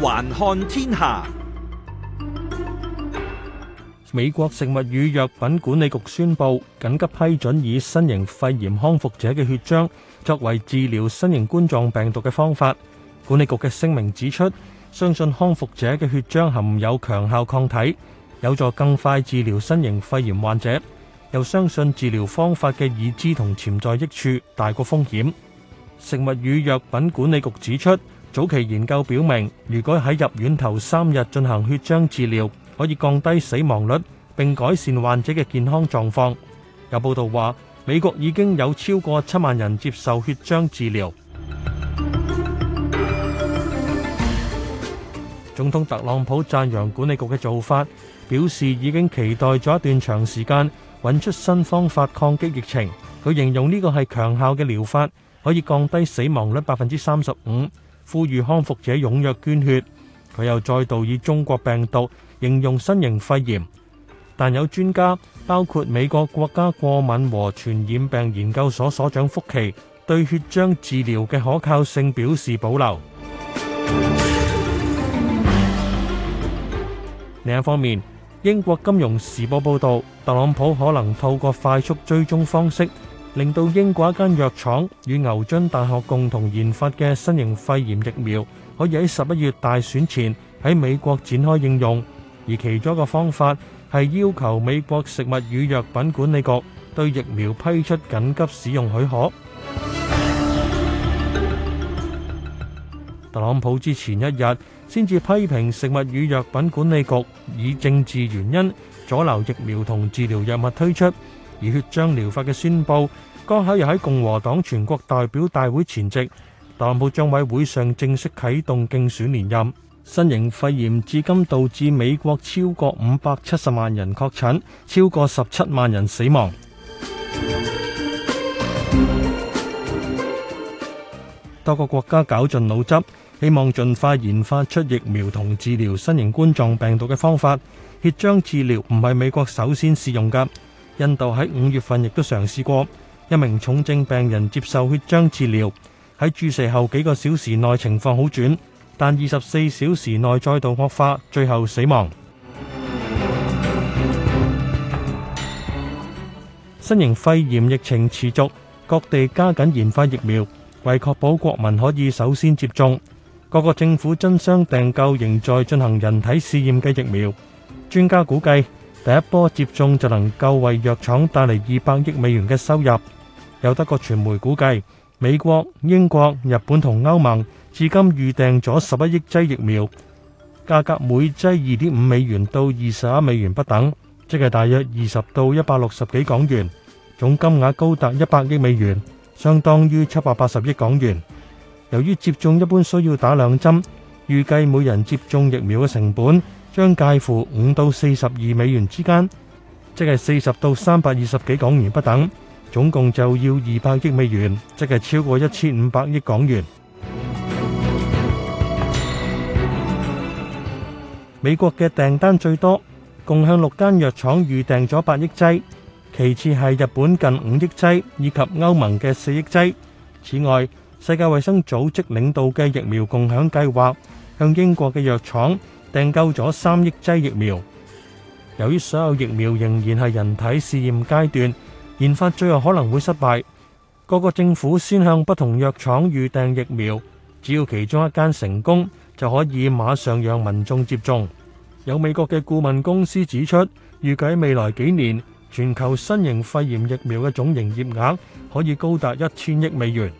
環看天下，美國食物與藥品管理局宣布緊急批准以新型肺炎康復者嘅血漿作為治療新型冠狀病毒嘅方法。管理局嘅聲明指出，相信康復者嘅血漿含有強效抗體，有助更快治療新型肺炎患者。又相信治療方法嘅已知同潛在益處大過風險。食物與藥品管理局指出。早期研究表明，如果喺入院頭三日進行血漿治療，可以降低死亡率，並改善患者嘅健康狀況。有報道話，美國已經有超過七萬人接受血漿治療。總統特朗普讚揚管理局嘅做法，表示已經期待咗一段長時間，揾出新方法抗擊疫情。佢形容呢個係強效嘅療法，可以降低死亡率百分之三十五。呼籲康復者踴躍捐血。佢又再度以中國病毒形容新型肺炎，但有專家包括美國國家過敏和傳染病研究所所長福奇對血漿治療嘅可靠性表示保留。另一方面，英國金融時報報道，特朗普可能透過快速追蹤方式。令到英國一間藥廠與牛津大學共同研發嘅新型肺炎疫苗，可以喺十一月大選前喺美國展開應用。而其中一個方法係要求美國食物與藥品管理局對疫苗批出緊急使用許可。特朗普之前一日先至批評食物與藥品管理局以政治原因阻留疫苗同治療藥物推出。而血漿療法嘅宣布，剛巧又喺共和黨全國代表大會前夕，特朗普將委會上正式啟動競選連任。新型肺炎至今導致美國超過五百七十萬人確診，超過十七萬人死亡。 多個國家絞盡腦汁，希望盡快研發出疫苗同治療新型冠狀病毒嘅方法。血漿治療唔係美國首先試用噶。印度喺五月份亦都嘗試過一名重症病人接受血漿治療，喺注射後幾個小時內情況好轉，但二十四小時內再度惡化，最後死亡。 新型肺炎疫情持續，各地加緊研發疫苗，為確保國民可以首先接種，各個政府爭相訂購仍在進行人體試驗嘅疫苗。專家估計。第一波接種就能夠為藥廠帶嚟二百億美元嘅收入。有德國傳媒估計，美國、英國、日本同歐盟至今預訂咗十一億劑疫苗，價格每劑二點五美元到二十一美元不等，即係大約二十到一百六十幾港元，總金額高達一百億美元，相當於七百八十億港元。由於接種一般需要打兩針，預計每人接種疫苗嘅成本，將介乎五到四十二美元之間，即係四十到三百二十幾港元不等，總共就要二百億美元，即係超過一千五百億港元。 美國嘅訂單最多，共向六間藥廠預訂咗八億劑，其次係日本近五億劑，以及歐盟嘅四億劑。此外，世界衛生組織領導嘅疫苗共享計劃，向英國嘅藥廠。訂購咗三億劑疫苗，由於所有疫苗仍然係人體試驗階段，研發最後可能會失敗。各個政府先向不同藥廠預訂疫苗，只要其中一間成功，就可以馬上讓民眾接種。有美國嘅顧問公司指出，預計未來幾年，全球新型肺炎疫苗嘅總營業額可以高達一千億美元。